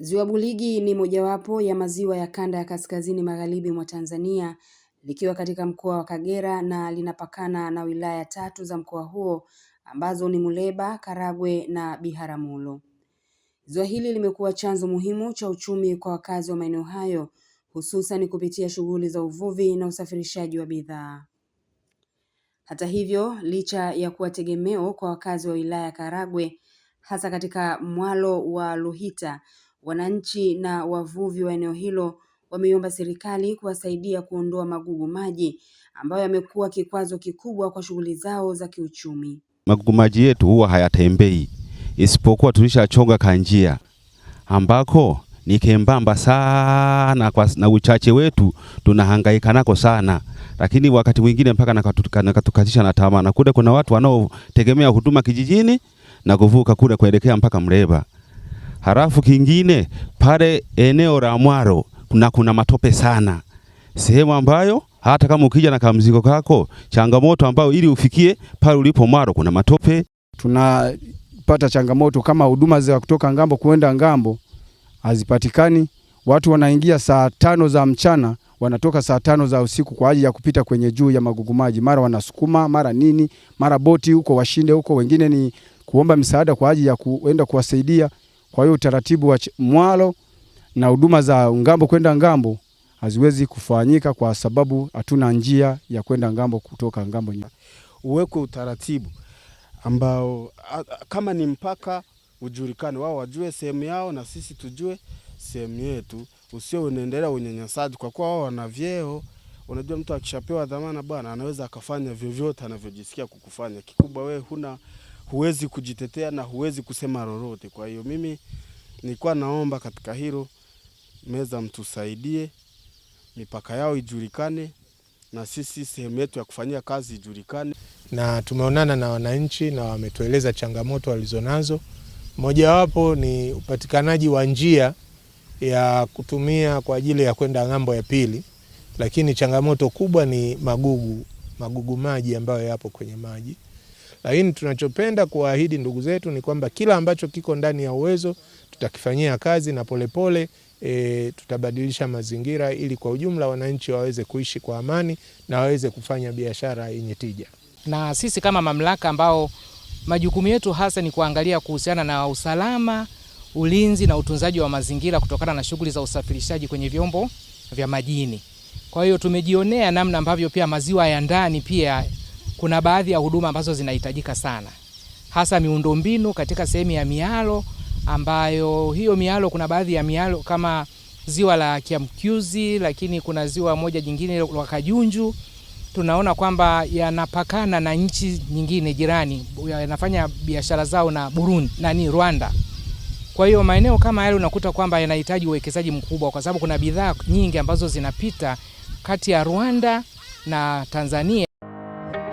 Ziwa Buligi ni mojawapo ya maziwa ya kanda ya kaskazini magharibi mwa Tanzania likiwa katika mkoa wa Kagera na linapakana na wilaya tatu za mkoa huo ambazo ni Muleba, Karagwe na Biharamulo. Ziwa hili limekuwa chanzo muhimu cha uchumi kwa wakazi wa maeneo hayo hususan kupitia shughuli za uvuvi na usafirishaji wa bidhaa. Hata hivyo, licha ya kuwa tegemeo kwa wakazi wa wilaya ya Karagwe hasa katika mwalo wa Luhita Wananchi na wavuvi wa eneo hilo wameiomba serikali kuwasaidia kuondoa magugu maji ambayo yamekuwa kikwazo kikubwa kwa shughuli zao za kiuchumi. Magugu maji yetu huwa hayatembei, isipokuwa tulishachonga kanjia ambako ni kembamba sana kwa, na uchache wetu tunahangaika nako sana, lakini wakati mwingine mpaka nakatukatisha na tamaa, na kule kuna watu wanaotegemea huduma kijijini na kuvuka kule kuelekea mpaka Mleba. Halafu kingine pale eneo la mwaro kuna, kuna matope sana, sehemu ambayo hata kama ukija na kamzigo kako, changamoto ambayo ili ufikie pale ulipo mwaro kuna matope. Tunapata changamoto kama huduma za kutoka ngambo kuenda ngambo hazipatikani. Watu wanaingia saa tano za mchana wanatoka saa tano za usiku kwa ajili ya kupita kwenye juu ya magugumaji, mara wanasukuma, mara nini, mara boti huko, washinde huko. Wengine ni kuomba msaada kwa ajili ya kuenda kuwasaidia. Kwa hiyo utaratibu wa mwalo na huduma za ngambo kwenda ngambo haziwezi kufanyika kwa sababu hatuna njia ya kwenda ngambo kutoka ngambo nyingine. Uwekwe utaratibu ambao kama ni mpaka ujulikane, wao wajue sehemu yao na sisi tujue sehemu yetu, usio unaendelea unyanyasaji, kwa kuwa wao wana vyeo. Unajua, mtu akishapewa dhamana bwana, anaweza akafanya vyovyote anavyojisikia kukufanya. Kikubwa wewe huna huwezi kujitetea na huwezi kusema lolote. Kwa hiyo mimi nilikuwa naomba katika hilo meza mtusaidie, mipaka yao ijulikane na sisi sehemu yetu ya kufanyia kazi ijulikane. Na tumeonana na wananchi na wametueleza changamoto walizonazo, mojawapo ni upatikanaji wa njia ya kutumia kwa ajili ya kwenda ng'ambo ya pili, lakini changamoto kubwa ni magugu, magugu maji ambayo yapo kwenye maji. Lakini tunachopenda kuwaahidi ndugu zetu ni kwamba kila ambacho kiko ndani ya uwezo tutakifanyia kazi na polepole pole, e, tutabadilisha mazingira ili kwa ujumla wananchi waweze kuishi kwa amani na waweze kufanya biashara yenye tija. Na sisi kama mamlaka ambao majukumu yetu hasa ni kuangalia kuhusiana na usalama, ulinzi na utunzaji wa mazingira kutokana na shughuli za usafirishaji kwenye vyombo vya majini. Kwa hiyo tumejionea namna ambavyo pia maziwa ya ndani pia kuna baadhi ya huduma ambazo zinahitajika sana, hasa miundombinu katika sehemu ya mialo, ambayo hiyo mialo kuna baadhi ya mialo kama ziwa la Kiamkyuzi, lakini kuna ziwa moja jingine la Kajunju tunaona kwamba yanapakana na nchi nyingine jirani, yanafanya biashara zao na Burundi na ni Rwanda. Kwa hiyo maeneo kama yale unakuta kwamba yanahitaji uwekezaji mkubwa, kwa sababu kuna bidhaa nyingi ambazo zinapita kati ya Rwanda na Tanzania.